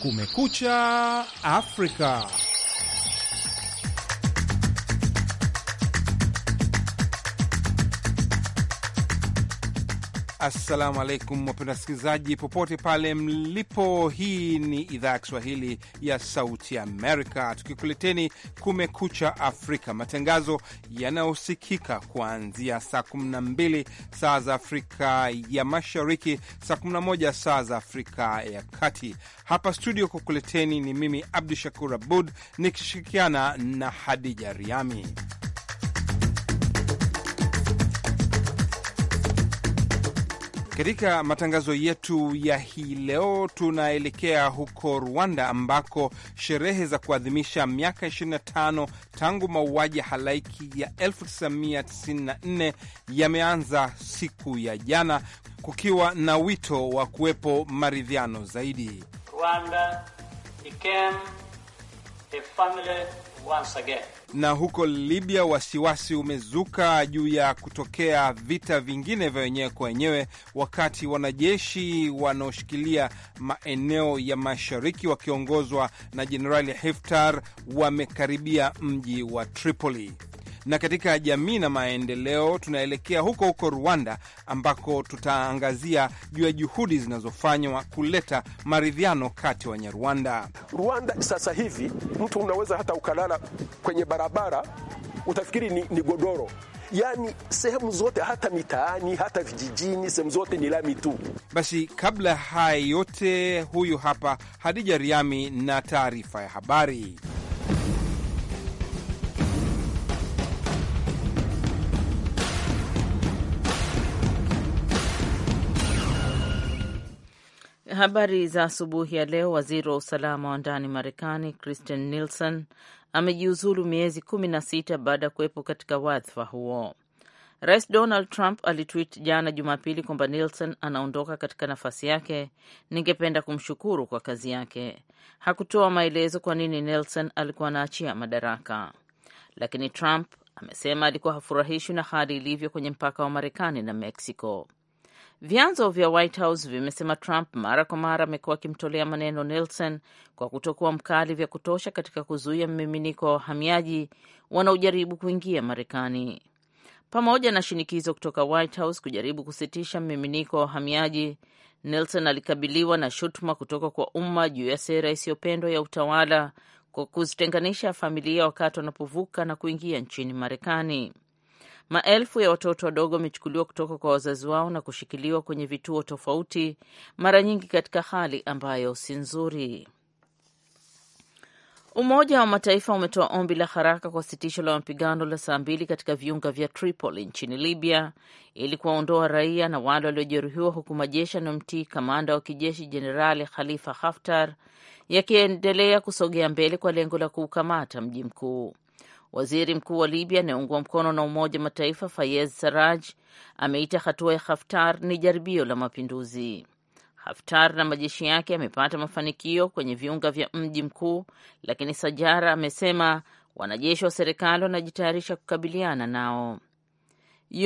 Kumekucha Afrika. Assalamu alaikum wapenda wasikilizaji popote pale mlipo. Hii ni idhaa ya Kiswahili ya Sauti Amerika, tukikuleteni Kumekucha Afrika, matangazo yanayosikika kuanzia saa 12 saa za Afrika ya Mashariki, saa 11 saa za Afrika ya Kati. Hapa studio kukuleteni ni mimi Abdu Shakur Abud nikishirikiana na Hadija Riami. Katika matangazo yetu ya hii leo tunaelekea huko Rwanda ambako sherehe za kuadhimisha miaka 25 tangu mauaji halaiki ya 1994 yameanza siku ya jana, kukiwa na wito wa kuwepo maridhiano zaidi. Rwanda became a family once again. Na huko Libya, wasiwasi umezuka juu ya kutokea vita vingine vya wenyewe kwa wenyewe, wakati wanajeshi wanaoshikilia maeneo ya mashariki wakiongozwa na Jenerali Haftar wamekaribia mji wa Tripoli. Na katika jamii na maendeleo, tunaelekea huko huko Rwanda, ambako tutaangazia juu ya juhudi zinazofanywa kuleta maridhiano kati ya Wanyarwanda. Rwanda sasa hivi mtu unaweza hata ukalala kwenye barabara utafikiri ni, ni godoro yani sehemu zote, hata mitaani, hata vijijini, sehemu zote ni lami tu. Basi kabla haya yote, huyu hapa Hadija Riami na taarifa ya habari. Habari za asubuhi ya leo. Waziri wa usalama wa ndani Marekani Christian Nielsen amejiuzulu miezi kumi na sita baada ya kuwepo katika wadhifa huo. Rais Donald Trump alitwit jana Jumapili kwamba Nielsen anaondoka katika nafasi yake, ningependa kumshukuru kwa kazi yake. Hakutoa maelezo kwa nini Nielsen alikuwa anaachia madaraka, lakini Trump amesema alikuwa hafurahishwi na hali ilivyo kwenye mpaka wa Marekani na Mexico. Vyanzo vya White House vimesema Trump mara kwa mara amekuwa akimtolea maneno Nelson kwa kutokuwa mkali vya kutosha katika kuzuia mmiminiko wa wahamiaji wanaojaribu kuingia Marekani, pamoja na shinikizo kutoka White House kujaribu kusitisha mmiminiko wa wahamiaji. Nelson alikabiliwa na shutuma kutoka kwa umma juu ya sera isiyopendwa ya utawala kwa kuzitenganisha familia wakati wanapovuka na kuingia nchini Marekani. Maelfu ya watoto wadogo wamechukuliwa kutoka kwa wazazi wao na kushikiliwa kwenye vituo tofauti, mara nyingi katika hali ambayo si nzuri. Umoja wa Mataifa umetoa ombi la haraka kwa sitisho la mapigano la saa mbili katika viunga vya Tripoli nchini Libya ili kuwaondoa raia na wale waliojeruhiwa, huku majeshi yanayomtii kamanda wa kijeshi Jenerali Khalifa Haftar yakiendelea kusogea mbele kwa lengo la kuukamata mji mkuu. Waziri mkuu wa Libya anayeungwa mkono na Umoja wa Mataifa Fayez Saraj ameita hatua ya Haftar ni jaribio la mapinduzi. Haftar na majeshi yake yamepata mafanikio kwenye viunga vya mji mkuu, lakini Sajara amesema wanajeshi wa serikali wanajitayarisha kukabiliana nao.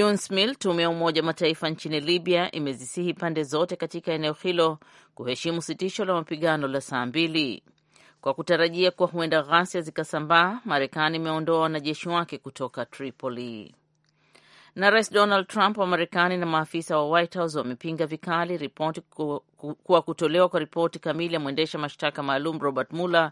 UNSMIL, tume ya Umoja wa Mataifa nchini Libya, imezisihi pande zote katika eneo hilo kuheshimu sitisho la mapigano la saa mbili kwa kutarajia kuwa huenda ghasia zikasambaa. Marekani imeondoa wanajeshi wake kutoka Tripoli. Na Rais Donald Trump wa Marekani na maafisa wa White House wamepinga vikali ripoti kuwa kutolewa kwa ripoti kamili ya mwendesha mashtaka maalum Robert Mueller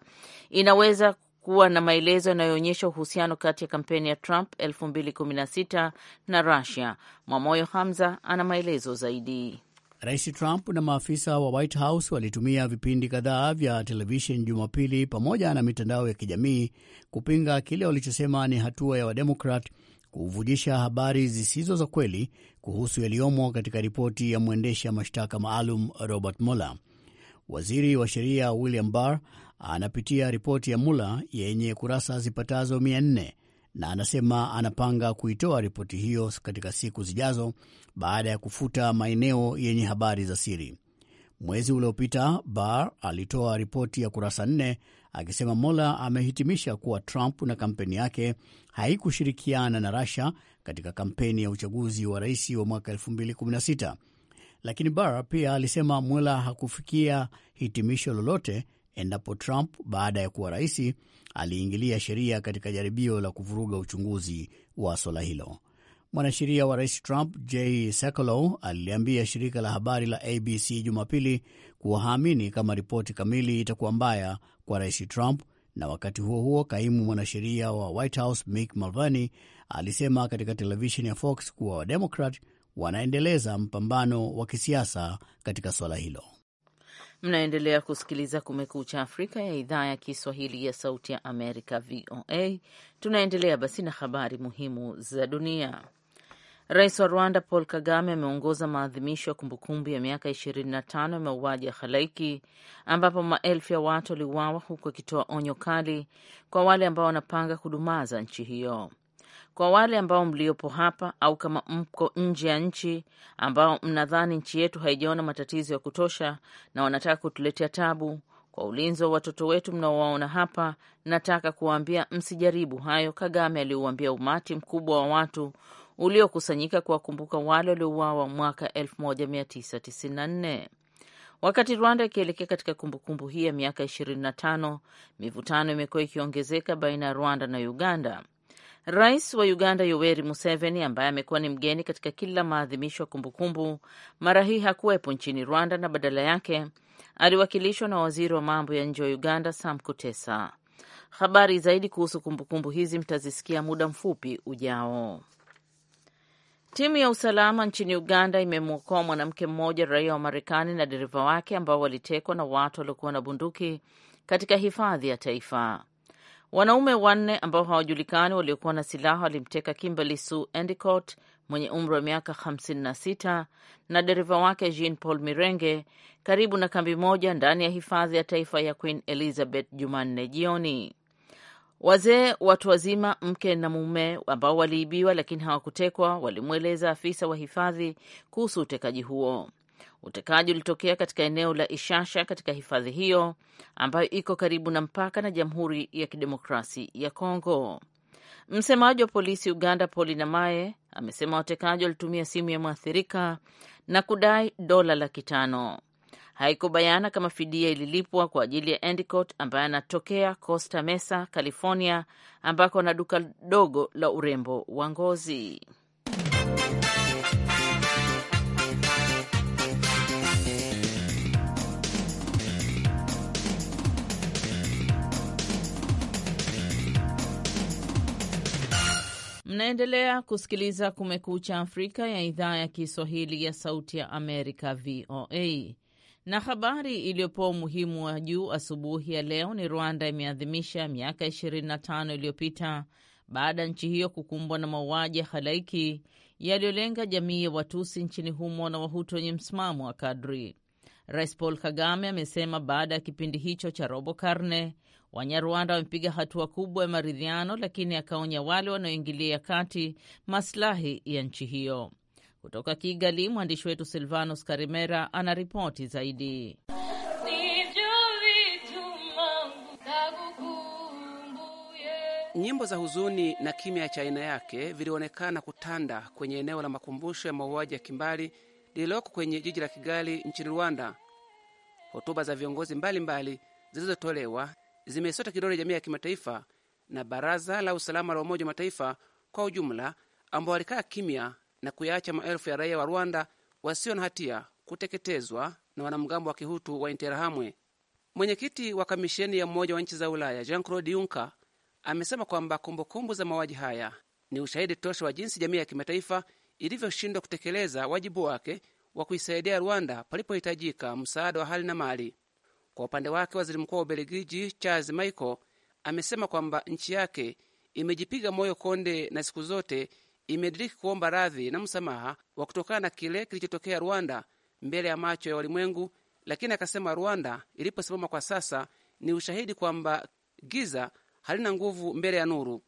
inaweza kuwa na maelezo yanayoonyesha uhusiano kati ya kampeni ya Trump 2016 na Russia. Mwamoyo Hamza ana maelezo zaidi. Rais Trump na maafisa wa White House walitumia vipindi kadhaa vya televisheni Jumapili pamoja na mitandao ya kijamii kupinga kile walichosema ni hatua ya Wademokrat kuvujisha habari zisizo za kweli kuhusu yaliyomo katika ripoti ya mwendesha mashtaka maalum Robert Mueller. Waziri wa sheria William Barr anapitia ripoti ya Mueller yenye kurasa zipatazo 400 na anasema anapanga kuitoa ripoti hiyo katika siku zijazo baada ya kufuta maeneo yenye habari za siri. Mwezi uliopita Barr alitoa ripoti ya kurasa nne akisema mola amehitimisha kuwa Trump na kampeni yake haikushirikiana na rasha katika kampeni ya uchaguzi wa rais wa mwaka 2016, lakini Barr pia alisema Mueller hakufikia hitimisho lolote endapo Trump baada ya kuwa rais aliingilia sheria katika jaribio la kuvuruga uchunguzi wa swala hilo. Mwanasheria wa rais Trump Jay Sekulow aliliambia shirika la habari la ABC Jumapili kuwa haamini kama ripoti kamili itakuwa mbaya kwa rais Trump. Na wakati huo huo, kaimu mwanasheria wa White House Mick Mulvaney alisema katika televisheni ya Fox kuwa Wademokrat wanaendeleza mpambano wa kisiasa katika swala hilo. Mnaendelea kusikiliza Kumekucha Afrika ya idhaa ya Kiswahili ya Sauti ya Amerika, VOA. Tunaendelea basi na habari muhimu za dunia. Rais wa Rwanda Paul Kagame ameongoza maadhimisho ya kumbukumbu ya miaka 25 ya mauaji ya halaiki ambapo maelfu ya watu waliuawa, huku akitoa onyo kali kwa wale ambao wanapanga kudumaza nchi hiyo. Kwa wale ambao mliopo hapa au kama mko nje ya nchi, ambao mnadhani nchi yetu haijaona matatizo ya kutosha na wanataka kutuletea tabu kwa ulinzi wa watoto wetu mnaowaona hapa, nataka kuwaambia msijaribu hayo. Kagame aliuambia umati mkubwa wa watu uliokusanyika kuwakumbuka wale waliouawa mwaka 1994. Wakati Rwanda ikielekea katika kumbukumbu hii ya miaka 25, mivutano imekuwa ikiongezeka baina ya Rwanda na Uganda Rais wa Uganda Yoweri Museveni, ambaye amekuwa ni mgeni katika kila maadhimisho ya kumbukumbu, mara hii hakuwepo nchini Rwanda na badala yake aliwakilishwa na waziri wa mambo ya nje wa Uganda Sam Kutesa. Habari zaidi kuhusu kumbukumbu hizi mtazisikia muda mfupi ujao. Timu ya usalama nchini Uganda imemwokoa mwanamke mmoja, raia wa Marekani, na dereva wake ambao walitekwa na watu waliokuwa na bunduki katika hifadhi ya taifa. Wanaume wanne ambao hawajulikani waliokuwa na silaha walimteka Kimberly Sue Endicott mwenye umri wa miaka 56 na dereva wake Jean Paul Mirenge karibu na kambi moja ndani ya hifadhi ya taifa ya Queen Elizabeth Jumanne jioni. Wazee, watu wazima, mke na mume ambao waliibiwa lakini hawakutekwa, walimweleza afisa wa hifadhi kuhusu utekaji huo. Utekaji ulitokea katika eneo la Ishasha katika hifadhi hiyo ambayo iko karibu na mpaka na Jamhuri ya Kidemokrasi ya Kongo. Msemaji wa polisi Uganda, Paulina Maye, amesema watekaji walitumia simu ya mwathirika na kudai dola laki tano. bayana kama fidia ililipwa kwa ajili ya Endicott ambaye anatokea Costa Mesa, California, ambako ana duka dogo la urembo wa ngozi. Mnaendelea kusikiliza Kumekucha Afrika ya idhaa ya Kiswahili ya Sauti ya Amerika, VOA. Na habari iliyopewa umuhimu wa juu asubuhi ya leo ni Rwanda imeadhimisha miaka 25 iliyopita baada ya nchi hiyo kukumbwa na mauaji ya halaiki yaliyolenga jamii ya Watusi nchini humo na Wahutu wenye msimamo wa kadri. Rais Paul Kagame amesema baada ya kipindi hicho cha robo karne Wanyarwanda wamepiga hatua kubwa ya maridhiano, lakini akaonya wale wanaoingilia kati maslahi ya nchi hiyo. Kutoka Kigali, mwandishi wetu Silvanos Karimera ana ripoti zaidi. Nyimbo za huzuni na kimya cha aina yake vilionekana kutanda kwenye eneo la makumbusho ya mauaji ya kimbali lililoko kwenye jiji la Kigali nchini Rwanda. Hotuba za viongozi mbalimbali zilizotolewa zimeisota kidole jamii ya kimataifa na Baraza la Usalama la Umoja wa Mataifa kwa ujumla, ambao walikaa kimya na kuyaacha maelfu ya raia wa Rwanda wasio na hatia kuteketezwa na wanamgambo wa kihutu wa Interahamwe. Mwenyekiti wa kamisheni ya Umoja wa Nchi za Ulaya Jean Claude Juncker amesema kwamba kumbukumbu za mauaji haya ni ushahidi tosha wa jinsi jamii ya kimataifa ilivyoshindwa kutekeleza wajibu wake wa kuisaidia Rwanda palipohitajika msaada wa hali na mali. Kwa upande wake, waziri mkuu wa Ubelgiji Charles Michel amesema kwamba nchi yake imejipiga moyo konde na siku zote imediriki kuomba radhi na msamaha wa kutokana na kile kilichotokea Rwanda mbele ya macho ya walimwengu, lakini akasema Rwanda iliposimama kwa sasa ni ushahidi kwamba giza halina nguvu mbele ya nuru.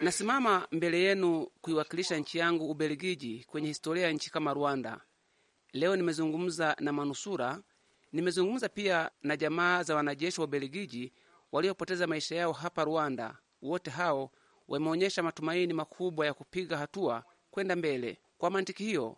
Nasimama mbele yenu kuiwakilisha nchi yangu Ubelgiji kwenye historia ya nchi kama Rwanda. Leo nimezungumza na manusura, nimezungumza pia na jamaa za wanajeshi wa Ubelgiji waliopoteza maisha yao hapa Rwanda. Wote hao wameonyesha matumaini makubwa ya kupiga hatua kwenda mbele. Kwa mantiki hiyo,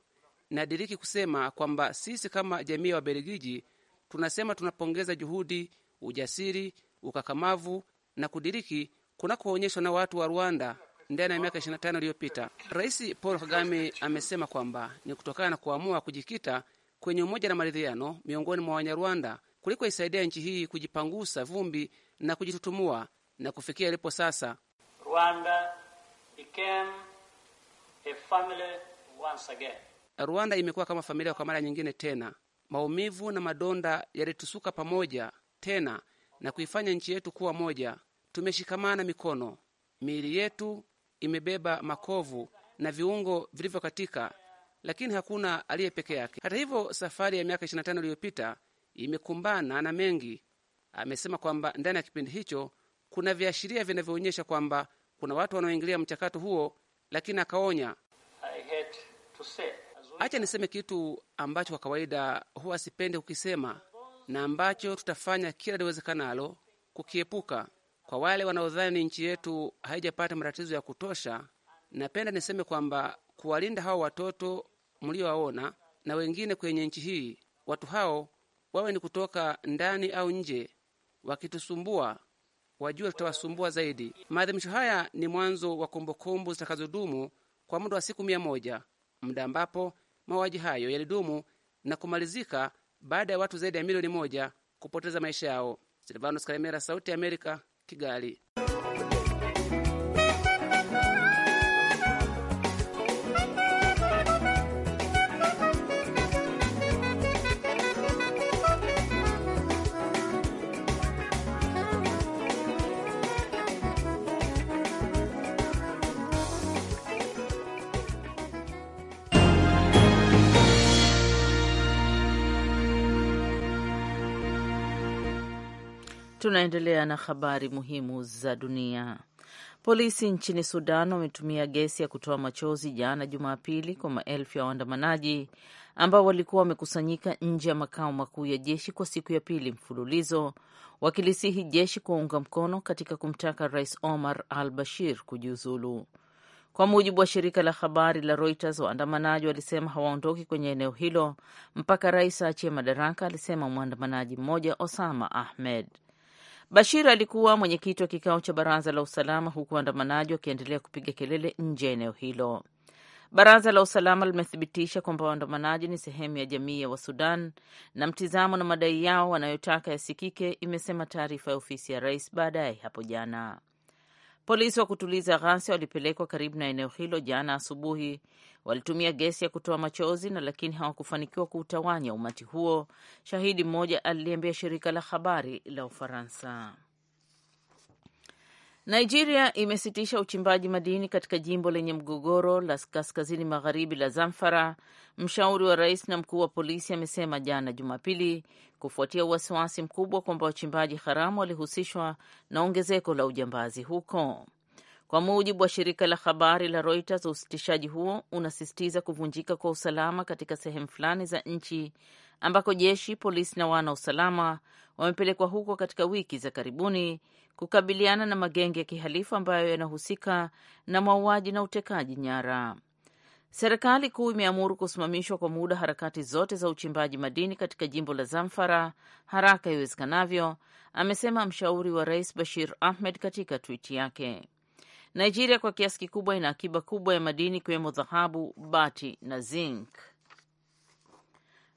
nadiriki kusema kwamba sisi kama jamii ya Wabelgiji tunasema tunapongeza juhudi, ujasiri, ukakamavu na kudiriki kunakoonyeshwa na watu wa Rwanda ndani ya miaka 25 iliyopita. Rais Paul Kagame amesema kwamba ni kutokana na kuamua kujikita kwenye umoja na maridhiano miongoni mwa Wanyarwanda kuliko isaidia nchi hii kujipangusa vumbi na kujitutumua na kufikia ilipo sasa. Rwanda became a family once again. Rwanda imekuwa kama familia kwa mara nyingine tena. Maumivu na madonda yalitusuka pamoja tena na kuifanya nchi yetu kuwa moja. Tumeshikamana mikono, miili yetu imebeba makovu na viungo vilivyokatika, lakini hakuna aliye peke yake. Hata hivyo, safari ya miaka 25 iliyopita imekumbana na mengi. Amesema kwamba ndani ya kipindi hicho kuna viashiria vinavyoonyesha kwamba kuna watu wanaoingilia mchakato huo, lakini akaonya, acha niseme kitu ambacho kwa kawaida huwa sipende kukisema na ambacho tutafanya kila liwezekanalo kukiepuka. Kwa wale wanaodhani nchi yetu haijapata matatizo ya kutosha, napenda niseme kwamba kuwalinda hao watoto mliowaona na wengine kwenye nchi hii, watu hao wawe ni kutoka ndani au nje, wakitusumbua wajua tutawasumbua zaidi. Maadhimisho haya ni mwanzo wa kumbukumbu zitakazodumu kwa muda wa siku mia moja, muda ambapo mauaji hayo yalidumu na kumalizika baada ya watu zaidi ya milioni moja kupoteza maisha yao. Silvanos Sauti ya Amerika, Kigali. Tunaendelea na habari muhimu za dunia. Polisi nchini Sudan wametumia gesi ya kutoa machozi jana Jumapili kwa maelfu ya waandamanaji ambao walikuwa wamekusanyika nje ya makao makuu ya jeshi kwa siku ya pili mfululizo, wakilisihi jeshi kuwaunga mkono katika kumtaka Rais Omar al Bashir kujiuzulu. Kwa mujibu wa shirika la habari la Reuters, waandamanaji walisema hawaondoki kwenye eneo hilo mpaka rais aachie madaraka, alisema mwandamanaji mmoja Osama Ahmed. Bashir alikuwa mwenyekiti wa kikao cha baraza la usalama, huku waandamanaji wakiendelea kupiga kelele nje ya eneo hilo. Baraza la usalama limethibitisha kwamba waandamanaji ni sehemu ya jamii ya Wasudan na mtizamo na madai yao wanayotaka yasikike, imesema taarifa ya ofisi ya rais baadaye hapo jana. Polisi wa kutuliza ghasia walipelekwa karibu na eneo hilo jana asubuhi. Walitumia gesi ya kutoa machozi na lakini hawakufanikiwa kuutawanya umati huo, shahidi mmoja aliliambia shirika la habari la Ufaransa. Nigeria imesitisha uchimbaji madini katika jimbo lenye mgogoro la kaskazini magharibi la Zamfara, mshauri wa rais na mkuu wa polisi amesema jana Jumapili, kufuatia wasiwasi mkubwa kwamba wachimbaji haramu walihusishwa na ongezeko la ujambazi huko. Kwa mujibu wa shirika la habari la Reuters, usitishaji huo unasisitiza kuvunjika kwa usalama katika sehemu fulani za nchi ambako jeshi, polisi na wana usalama wamepelekwa huko katika wiki za karibuni kukabiliana na magenge ya kihalifu ambayo yanahusika na mauaji na utekaji nyara. Serikali kuu imeamuru kusimamishwa kwa muda harakati zote za uchimbaji madini katika jimbo la Zamfara haraka iwezekanavyo, amesema mshauri wa rais Bashir Ahmed katika twiti yake. Nigeria kwa kiasi kikubwa ina akiba kubwa ya madini ikiwemo dhahabu, bati na zinc.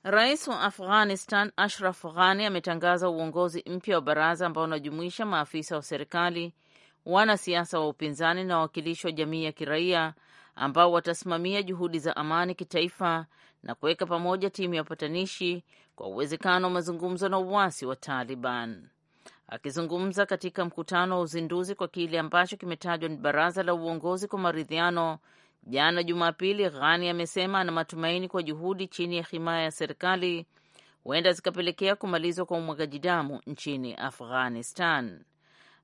Rais wa Afghanistan Ashraf Ghani ametangaza uongozi mpya wa baraza ambao unajumuisha maafisa wa serikali, wanasiasa wa upinzani na wawakilishi wa jamii ya kiraia ambao watasimamia juhudi za amani kitaifa na kuweka pamoja timu ya upatanishi kwa uwezekano wa mazungumzo na uwasi wa Taliban. Akizungumza katika mkutano wa uzinduzi kwa kile ambacho kimetajwa ni baraza la uongozi kwa maridhiano jana Jumapili, Ghani amesema ana matumaini kwa juhudi chini ya himaya ya serikali huenda zikapelekea kumalizwa kwa umwagaji damu nchini Afghanistan.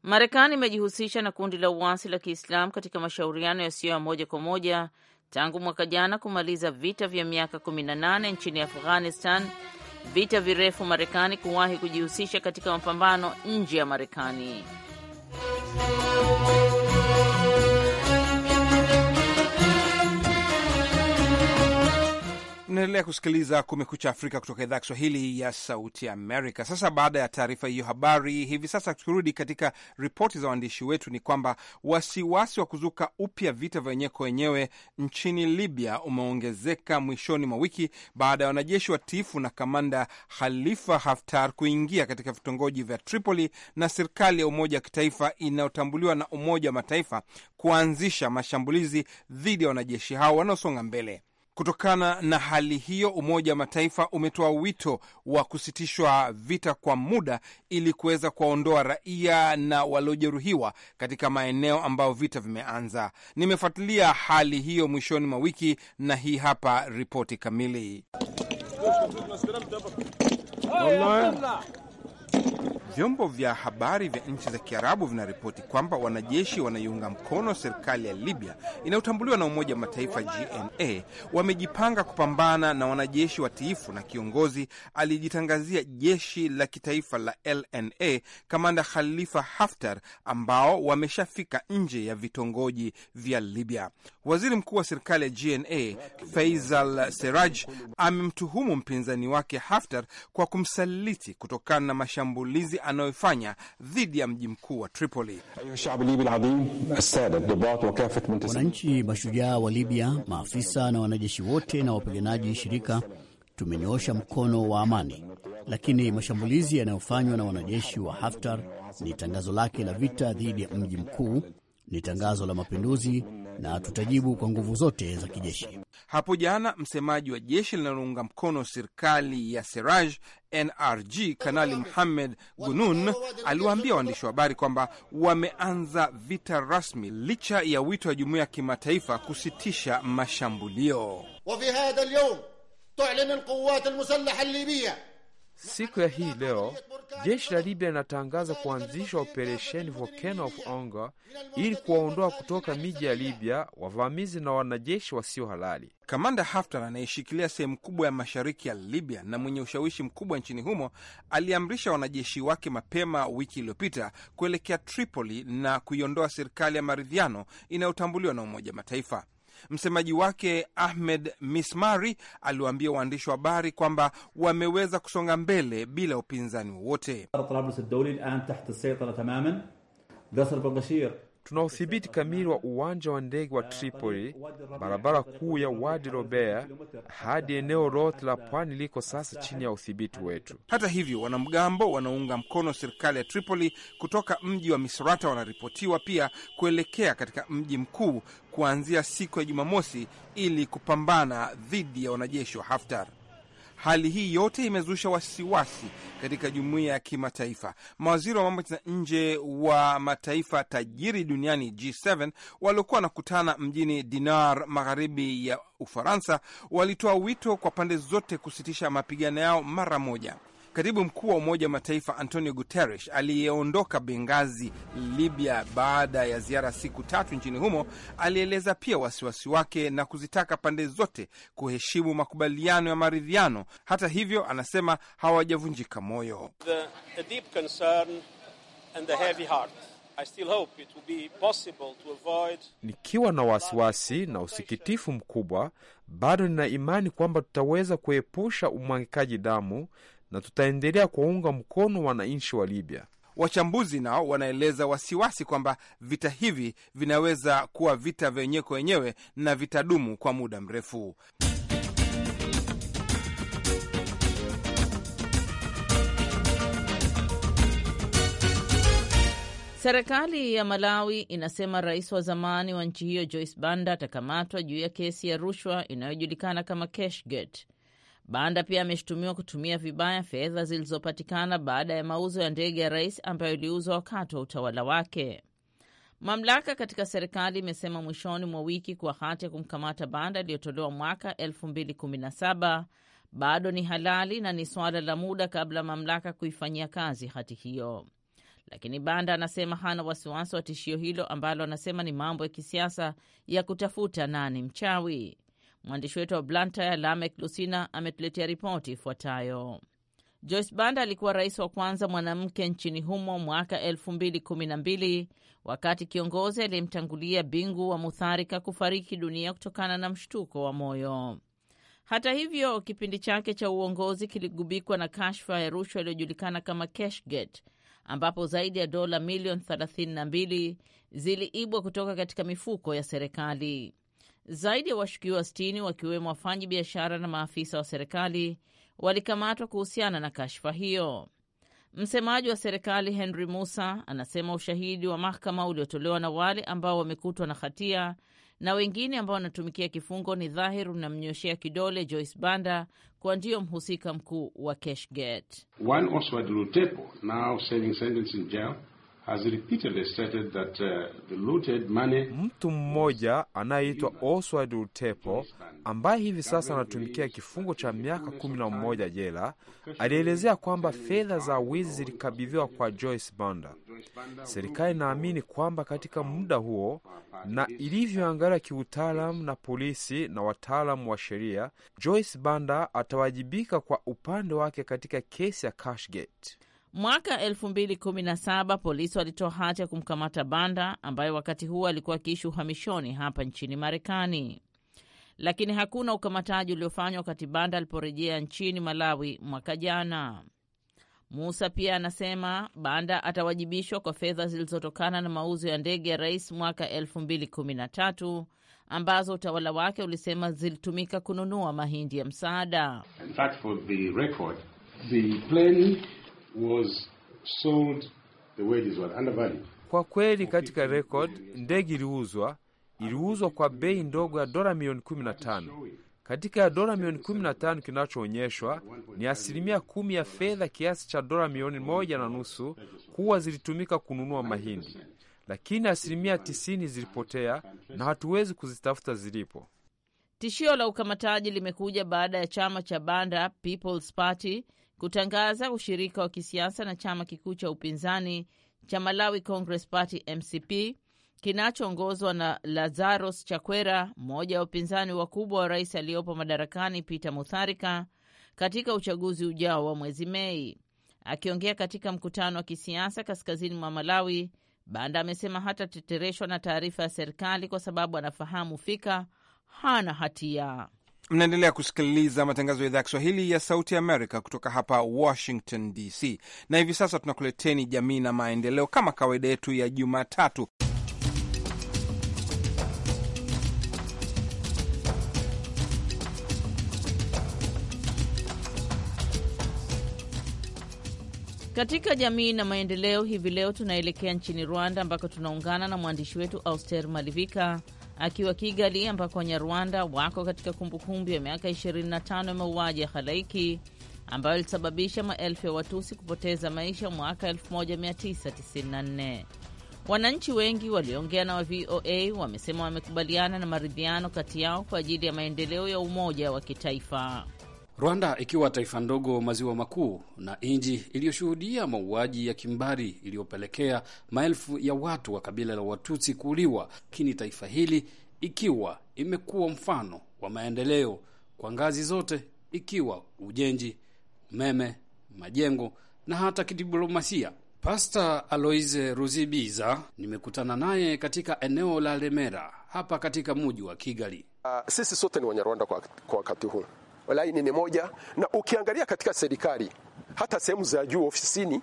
Marekani imejihusisha na kundi la uasi la Kiislamu katika mashauriano yasiyo ya moja kwa moja tangu mwaka jana kumaliza vita vya miaka 18 nchini Afghanistan, vita virefu Marekani kuwahi kujihusisha katika mapambano nje ya Marekani. Naendelea kusikiliza Kumekucha Afrika kutoka idhaa ya Kiswahili ya Sauti Amerika. Sasa baada ya taarifa hiyo habari, hivi sasa tukirudi katika ripoti za waandishi wetu, ni kwamba wasiwasi wa kuzuka upya vita vya wenyewe kwa wenyewe nchini Libya umeongezeka mwishoni mwa wiki baada ya wanajeshi watiifu na kamanda Khalifa Haftar kuingia katika vitongoji vya Tripoli na serikali ya umoja wa kitaifa inayotambuliwa na Umoja wa Mataifa kuanzisha mashambulizi dhidi ya wanajeshi hao wanaosonga mbele. Kutokana na hali hiyo, Umoja wa Mataifa umetoa wito wa kusitishwa vita kwa muda ili kuweza kuwaondoa raia na waliojeruhiwa katika maeneo ambayo vita vimeanza. Nimefuatilia hali hiyo mwishoni mwa wiki na hii hapa ripoti kamili. Vyombo vya habari vya nchi za Kiarabu vinaripoti kwamba wanajeshi wanaiunga mkono serikali ya Libya inayotambuliwa na Umoja wa Mataifa GNA wamejipanga kupambana na wanajeshi watiifu na kiongozi aliyejitangazia jeshi la kitaifa la LNA, kamanda Khalifa Haftar, ambao wameshafika nje ya vitongoji vya Libya. Waziri mkuu wa serikali ya GNA Faisal Seraj amemtuhumu mpinzani wake Haftar kwa kumsaliti kutokana na mashambulizi anayofanya dhidi ya mji mkuu wa Tripoli. Wananchi mashujaa wa Libya, maafisa na wanajeshi wote na wapiganaji shirika tumenyoosha mkono wa amani, lakini mashambulizi yanayofanywa na wanajeshi wa Haftar ni tangazo lake la vita dhidi ya mji mkuu, ni tangazo la mapinduzi na tutajibu kwa nguvu zote za kijeshi. Hapo jana msemaji wa jeshi linalounga mkono serikali ya Seraj NRG Kanali Muhammed Gunun aliwaambia waandishi wa habari kwamba wameanza vita rasmi licha ya wito wa jumuiya ya kimataifa kusitisha mashambulio. Siku ya hii leo jeshi la Libya linatangaza kuanzisha operesheni Volcano of Anger ili kuwaondoa kutoka miji ya Libya wavamizi na wanajeshi wasio halali. Kamanda Haftar anayeshikilia sehemu kubwa ya mashariki ya Libya na mwenye ushawishi mkubwa nchini humo aliamrisha wanajeshi wake mapema wiki iliyopita kuelekea Tripoli na kuiondoa serikali ya maridhiano inayotambuliwa na Umoja Mataifa. Msemaji wake Ahmed Mismari aliwaambia waandishi wa habari kwamba wameweza kusonga mbele bila upinzani wowote. Tuna udhibiti kamili wa uwanja wa ndege wa Tripoli, barabara kuu ya Wadi Robea hadi eneo lote la pwani liko sasa chini ya udhibiti wetu. Hata hivyo, wanamgambo wanaunga mkono serikali ya Tripoli kutoka mji wa Misrata wanaripotiwa pia kuelekea katika mji mkuu kuanzia siku ya Jumamosi ili kupambana dhidi ya wanajeshi wa Haftar. Hali hii yote imezusha wasiwasi katika jumuiya ya kimataifa. Mawaziri wa mambo ya nje wa mataifa tajiri duniani G7 waliokuwa wanakutana mjini Dinar, magharibi ya Ufaransa, walitoa wito kwa pande zote kusitisha mapigano yao mara moja. Katibu mkuu wa Umoja wa Mataifa Antonio Guterres aliyeondoka Bengazi, Libya, baada ya ziara siku tatu nchini humo alieleza pia wasiwasi wake na kuzitaka pande zote kuheshimu makubaliano ya maridhiano. Hata hivyo, anasema hawajavunjika moyo. Avoid... nikiwa na wasiwasi na usikitifu mkubwa, bado nina imani kwamba tutaweza kuepusha umwagikaji damu na tutaendelea kuwaunga mkono wananchi wa Libya. Wachambuzi nao wanaeleza wasiwasi kwamba vita hivi vinaweza kuwa vita vyenyewe wenyewe kwa wenyewe na vitadumu kwa muda mrefu. Serikali ya Malawi inasema rais wa zamani wa nchi hiyo Joyce Banda atakamatwa juu ya kesi ya rushwa inayojulikana kama Cashgate. Banda pia ameshutumiwa kutumia vibaya fedha zilizopatikana baada ya mauzo ya ndege ya rais ambayo iliuzwa wakati wa utawala wake. Mamlaka katika serikali imesema mwishoni mwa wiki kuwa hati ya kumkamata Banda iliyotolewa mwaka 2017 bado ni halali na ni suala la muda kabla mamlaka kuifanyia kazi hati hiyo, lakini Banda anasema hana wasiwasi wa tishio hilo ambalo anasema ni mambo ya kisiasa ya kutafuta nani mchawi. Mwandishi wetu wa Blantyre, Lamek lusina ametuletea ripoti ifuatayo. Joyce Banda alikuwa rais wa kwanza mwanamke nchini humo mwaka elfu mbili wakati kiongozi aliyemtangulia Bingu wa Mutharika kufariki dunia kutokana na mshtuko wa moyo. Hata hivyo, kipindi chake cha uongozi kiligubikwa na kashfa ya rushwa iliyojulikana kama Cashgate, ambapo zaidi ya dola milioni 32 ziliibwa kutoka katika mifuko ya serikali. Zaidi ya washukiwa sitini wakiwemo wafanyi biashara na maafisa wa serikali walikamatwa kuhusiana na kashfa hiyo. Msemaji wa serikali Henry Musa anasema ushahidi wa mahakama uliotolewa na wale ambao wamekutwa na hatia na wengine ambao wanatumikia kifungo ni dhahiri unamnyoshea kidole Joyce Banda kwa ndiyo mhusika mkuu wa Cashgate has repeatedly stated that uh, the looted money. Mtu mmoja anayeitwa Oswald Utepo ambaye hivi sasa anatumikia kifungo cha miaka kumi na mmoja jela alielezea kwamba fedha za wizi zilikabidhiwa kwa Joyce Banda. Serikali inaamini kwamba katika muda huo na ilivyoangalia kiutaalamu na polisi na wataalamu wa sheria, Joyce Banda atawajibika kwa upande wake katika kesi ya Cashgate. Mwaka 2017 polisi walitoa hati ya kumkamata Banda ambaye wakati huo alikuwa akiishi uhamishoni hapa nchini Marekani, lakini hakuna ukamataji uliofanywa wakati Banda aliporejea nchini Malawi mwaka jana. Musa pia anasema Banda atawajibishwa kwa fedha zilizotokana na mauzo ya ndege ya rais mwaka 2013 ambazo utawala wake ulisema zilitumika kununua mahindi ya msaada. In fact, for the record, the plane was sold the way it undervalued. Kwa kweli katika rekodi ndege iliuzwa, iliuzwa kwa bei ndogo ya dola milioni 15 katika ya dola milioni 15 kinachoonyeshwa ni asilimia kumi ya fedha, kiasi cha dola milioni moja na nusu kuwa zilitumika kununua mahindi, lakini asilimia 90 zilipotea na hatuwezi kuzitafuta zilipo. Tishio la ukamataji limekuja baada ya chama cha Banda People's Party kutangaza ushirika wa kisiasa na chama kikuu cha upinzani cha Malawi Congress Party MCP kinachoongozwa na Lazarus Chakwera, mmoja wa upinzani wakubwa wa rais aliyopo madarakani Peter Mutharika, katika uchaguzi ujao wa mwezi Mei. Akiongea katika mkutano wa kisiasa kaskazini mwa Malawi, Banda amesema hatatetereshwa na taarifa ya serikali kwa sababu anafahamu fika hana hatia. Mnaendelea kusikiliza matangazo ya idhaa ya Kiswahili ya Sauti Amerika kutoka hapa Washington DC, na hivi sasa tunakuleteni Jamii na Maendeleo kama kawaida yetu ya Jumatatu. Katika Jamii na Maendeleo hivi leo tunaelekea nchini Rwanda, ambako tunaungana na mwandishi wetu Auster Malivika akiwa Kigali ambako Wanyarwanda wako katika kumbukumbu ya miaka 25 ya mauaji ya halaiki ambayo ilisababisha maelfu ya Watusi kupoteza maisha mwaka 1994. Wananchi wengi walioongea na wa VOA wamesema wamekubaliana na maridhiano kati yao kwa ajili ya maendeleo ya umoja wa kitaifa. Rwanda ikiwa taifa ndogo maziwa makuu na nchi iliyoshuhudia mauaji ya kimbari iliyopelekea maelfu ya watu wa kabila la Watutsi kuuliwa, lakini taifa hili ikiwa imekuwa mfano wa maendeleo kwa ngazi zote, ikiwa ujenzi, umeme, majengo na hata kidiplomasia. Pasta Aloise Ruzibiza nimekutana naye katika eneo la remera hapa katika muji wa Kigali. Uh, sisi sote ni Wanyarwanda kwa wakati huu laini ni moja, na ukiangalia katika serikali hata sehemu za juu ofisini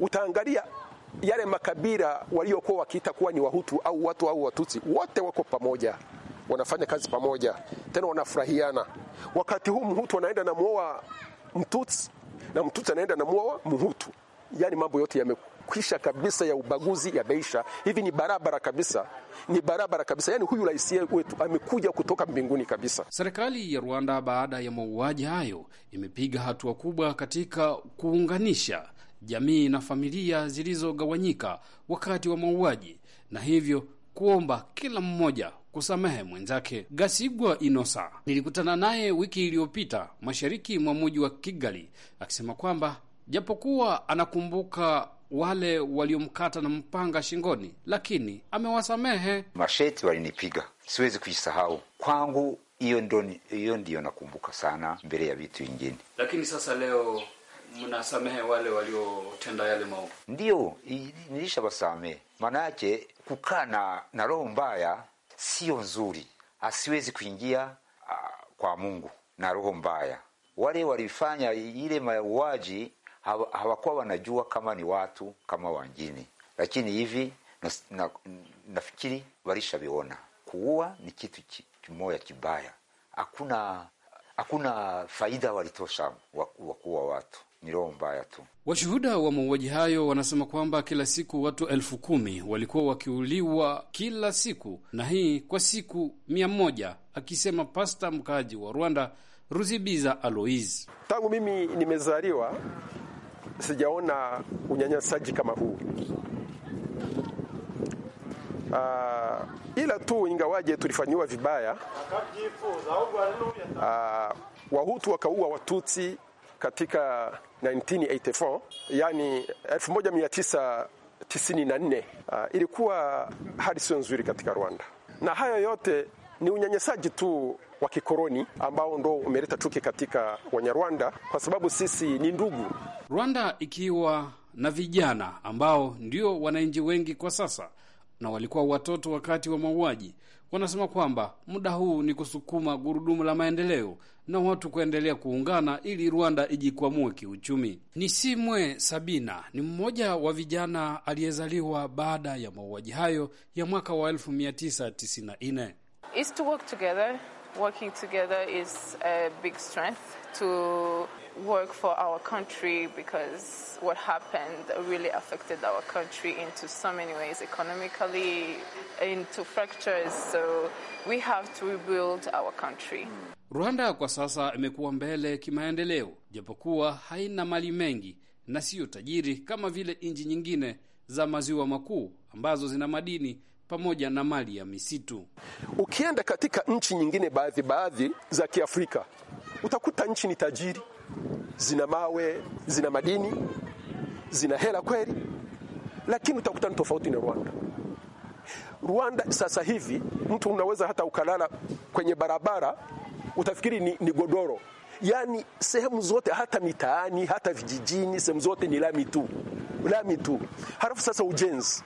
utaangalia yale makabila waliokuwa wakiita kuwa ni Wahutu au watu au Watutsi, wote wako pamoja, wanafanya kazi pamoja, tena wanafurahiana. Wakati huu Mhutu anaenda na muoa Mtutsi na Mtutsi anaenda na muoa Mhutu, yani mambo yote yame kwisha kabisa ya ubaguzi yameisha. Hivi ni barabara kabisa, ni barabara kabisa. Yani huyu rais wetu amekuja kutoka mbinguni kabisa. Serikali ya Rwanda baada ya mauaji hayo imepiga hatua kubwa katika kuunganisha jamii na familia zilizogawanyika wakati wa mauaji na hivyo kuomba kila mmoja kusamehe mwenzake. Gasigwa Inosa nilikutana naye wiki iliyopita mashariki mwa muji wa Kigali akisema kwamba japokuwa anakumbuka wale waliomkata na mpanga shingoni, lakini amewasamehe. Masheti walinipiga, siwezi kuisahau kwangu hiyo ndo, hiyo ndiyo nakumbuka sana mbele ya vitu vingine. Lakini sasa leo mnasamehe wale waliotenda yale maovu? Ndiyo, nilisha wasamehe. Maana yake kukaa na, na roho mbaya siyo nzuri, asiwezi kuingia a, ah, kwa Mungu na roho mbaya. Wale walifanya ile mauaji hawakuwa wanajua kama ni watu kama wangine, lakini hivi na, nafikiri walishaviona kuua ni kitu kimoya kibaya. Hakuna hakuna faida walitosha wa kuua watu, ni roho mbaya tu. Washuhuda wa mauaji hayo wanasema kwamba kila siku watu elfu kumi walikuwa wakiuliwa kila siku, na hii kwa siku mia moja, akisema pasta mkaaji wa Rwanda Ruzibiza Alois. Tangu mimi nimezaliwa sijaona unyanyasaji kama huu. Ah, ila tu ingawaje tulifanyiwa vibaya ah, Wahutu wakaua Watutsi katika 1984 yani 1994. Ah, ilikuwa hali sio nzuri katika Rwanda, na hayo yote ni unyanyasaji tu wa kikoloni ambao ndo umeleta tuki katika Wanyarwanda, kwa sababu sisi ni ndugu. Rwanda ikiwa na vijana ambao ndio wananchi wengi kwa sasa na walikuwa watoto wakati wa mauaji, wanasema kwamba muda huu ni kusukuma gurudumu la maendeleo na watu kuendelea kuungana ili Rwanda ijikwamue kiuchumi. ni simwe Sabina ni mmoja wa vijana aliyezaliwa baada ya mauaji hayo ya mwaka wa 1994 working together is a big strength to work for our country because what happened really affected our country into so many ways economically, into fractures. So we have to rebuild our country. Rwanda kwa sasa imekuwa mbele kimaendeleo, japokuwa haina mali mengi na siyo tajiri kama vile nchi nyingine za maziwa makuu ambazo zina madini pamoja na mali ya misitu. Ukienda katika nchi nyingine, baadhi baadhi za Kiafrika, utakuta nchi ni tajiri, zina mawe, zina madini, zina hela kweli, lakini utakuta ni tofauti na Rwanda. Rwanda sasa hivi mtu unaweza hata ukalala kwenye barabara utafikiri ni, ni godoro. Yaani sehemu zote, hata mitaani, hata vijijini, sehemu zote ni lami tu, lami tu. Halafu sasa ujenzi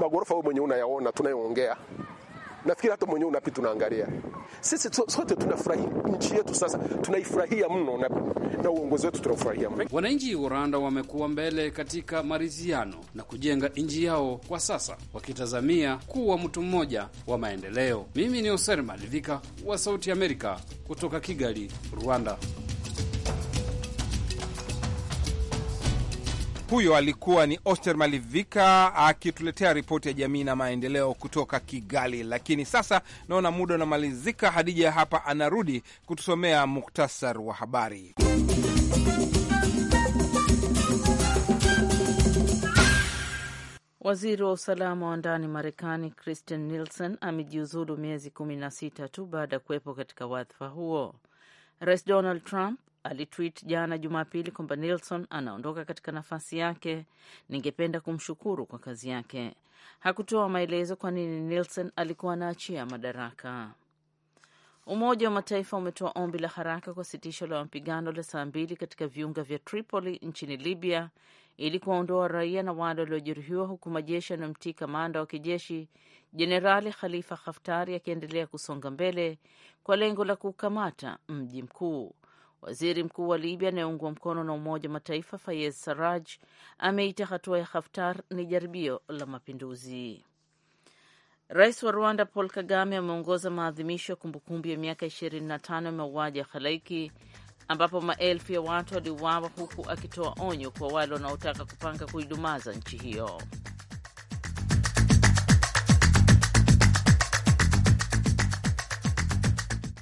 magorofa huyo mwenye unayaona tunayoongea nafikiri hata mwenyewe unapi tunaangalia sisi sote tunafurahi nchi yetu sasa, tunaifurahia mno na, na uongozi wetu tunafurahia mno. Wananchi wa Rwanda wamekuwa mbele katika maridhiano na kujenga nchi yao kwa sasa, wakitazamia kuwa mtu mmoja wa maendeleo. Mimi ni Oser Malivika wa Sauti Amerika kutoka Kigali, Rwanda. Huyo alikuwa ni Oster Malivika akituletea ripoti ya jamii na maendeleo kutoka Kigali. Lakini sasa naona muda unamalizika. Hadija hapa anarudi kutusomea muktasar wa habari. Waziri wa usalama wa ndani Marekani Christian Nielsen amejiuzulu miezi kumi na sita tu baada ya kuwepo katika wadhifa huo. Rais Donald Trump alitwit jana Jumapili kwamba Nelson anaondoka katika nafasi yake, ningependa kumshukuru kwa kazi yake. Hakutoa maelezo kwa nini Nelson alikuwa anaachia madaraka. Umoja wa Mataifa umetoa ombi la haraka kwa sitisho la mapigano la saa mbili katika viunga vya Tripoli nchini Libya ili kuwaondoa raia na wale waliojeruhiwa, huku majeshi yanayomtii kamanda wa kijeshi Jenerali Khalifa Haftari akiendelea kusonga mbele kwa lengo la kukamata mji mkuu. Waziri mkuu wa Libya anayeungwa mkono na Umoja wa Mataifa Fayez Saraj ameita hatua ya Haftar ni jaribio la mapinduzi. Rais wa Rwanda Paul Kagame ameongoza maadhimisho ya kumbukumbu ya miaka 25 ya mauaji ya halaiki ambapo maelfu ya watu waliuawa, huku akitoa onyo kwa wale wanaotaka kupanga kuidumaza nchi hiyo.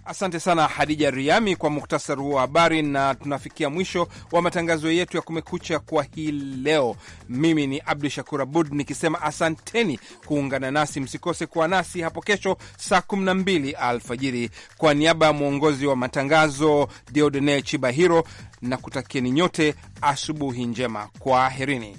Asante sana Hadija Riami kwa muhtasari huo wa habari, na tunafikia mwisho wa matangazo yetu ya Kumekucha kwa hii leo. Mimi ni Abdu Shakur Abud nikisema asanteni kuungana nasi, msikose kuwa nasi hapo kesho saa 12 alfajiri. Kwa niaba ya mwongozi wa matangazo Deodene Chibahiro, na kutakieni nyote asubuhi njema, kwaherini.